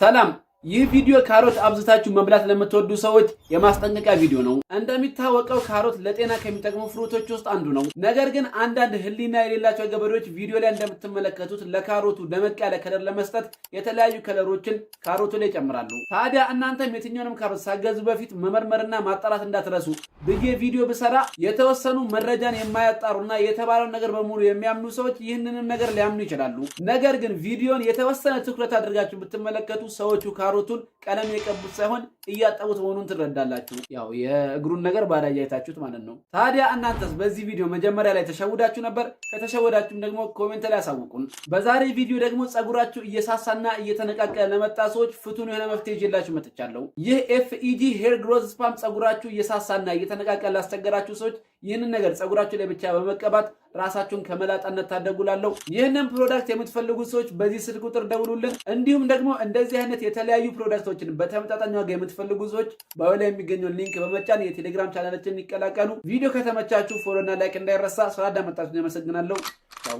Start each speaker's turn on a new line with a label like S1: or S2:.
S1: ሰላም። ይህ ቪዲዮ ካሮት አብዝታችሁ መብላት ለምትወዱ ሰዎች የማስጠንቀቂያ ቪዲዮ ነው። እንደሚታወቀው ካሮት ለጤና ከሚጠቅሙ ፍሩቶች ውስጥ አንዱ ነው። ነገር ግን አንዳንድ ሕሊና የሌላቸው ገበሬዎች ቪዲዮ ላይ እንደምትመለከቱት ለካሮቱ ደመቅ ያለ ከለር ለመስጠት የተለያዩ ከለሮችን ካሮቱ ላይ ይጨምራሉ። ታዲያ እናንተም የትኛውንም ካሮት ሳገዙ በፊት መመርመርና ማጣራት እንዳትረሱ። ብዬ ቪዲዮ ብሰራ የተወሰኑ መረጃን የማያጣሩና የተባለውን ነገር በሙሉ የሚያምኑ ሰዎች ይህንንም ነገር ሊያምኑ ይችላሉ። ነገር ግን ቪዲዮን የተወሰነ ትኩረት አድርጋችሁ ብትመለከቱ ሰዎቹ ካሮቱን ቀለም የቀቡት ሳይሆን እያጠቡት መሆኑን ትረዳላችሁ። ያው የእግሩን ነገር ባዳያ አይታችሁት ማለት ነው። ታዲያ እናንተስ በዚህ ቪዲዮ መጀመሪያ ላይ ተሸውዳችሁ ነበር? ከተሸወዳችሁም ደግሞ ኮሜንት ላይ አሳውቁን። በዛሬ ቪዲዮ ደግሞ ጸጉራችሁ እየሳሳና እየተነቃቀለ ለመጣ ሰዎች ፍቱን የሆነ መፍትሄ ይዤላችሁ መጥቻለሁ። ይህ ኤፍኢጂ ሄር ግሮዝ ስፓም ጸጉራችሁ እየሳሳና እየተነቃቀል ላስቸገራችሁ ሰዎች ይህንን ነገር ጸጉራችሁ ላይ ብቻ በመቀባት ራሳችሁን ከመላጣነት ታደጉላለሁ። ይህንን ፕሮዳክት የምትፈልጉ ሰዎች በዚህ ስልክ ቁጥር ደውሉልን። እንዲሁም ደግሞ እንደዚህ አይነት የተለያዩ ፕሮዳክቶችን በተመጣጣኝ ዋጋ የምትፈልጉ ሰዎች በወላ የሚገኘውን ሊንክ በመጫን የቴሌግራም ቻናላችን ይቀላቀሉ። ቪዲዮ ከተመቻችሁ ፎሎና ላይክ እንዳይረሳ። ስላዳመጣችሁ አመሰግናለሁ።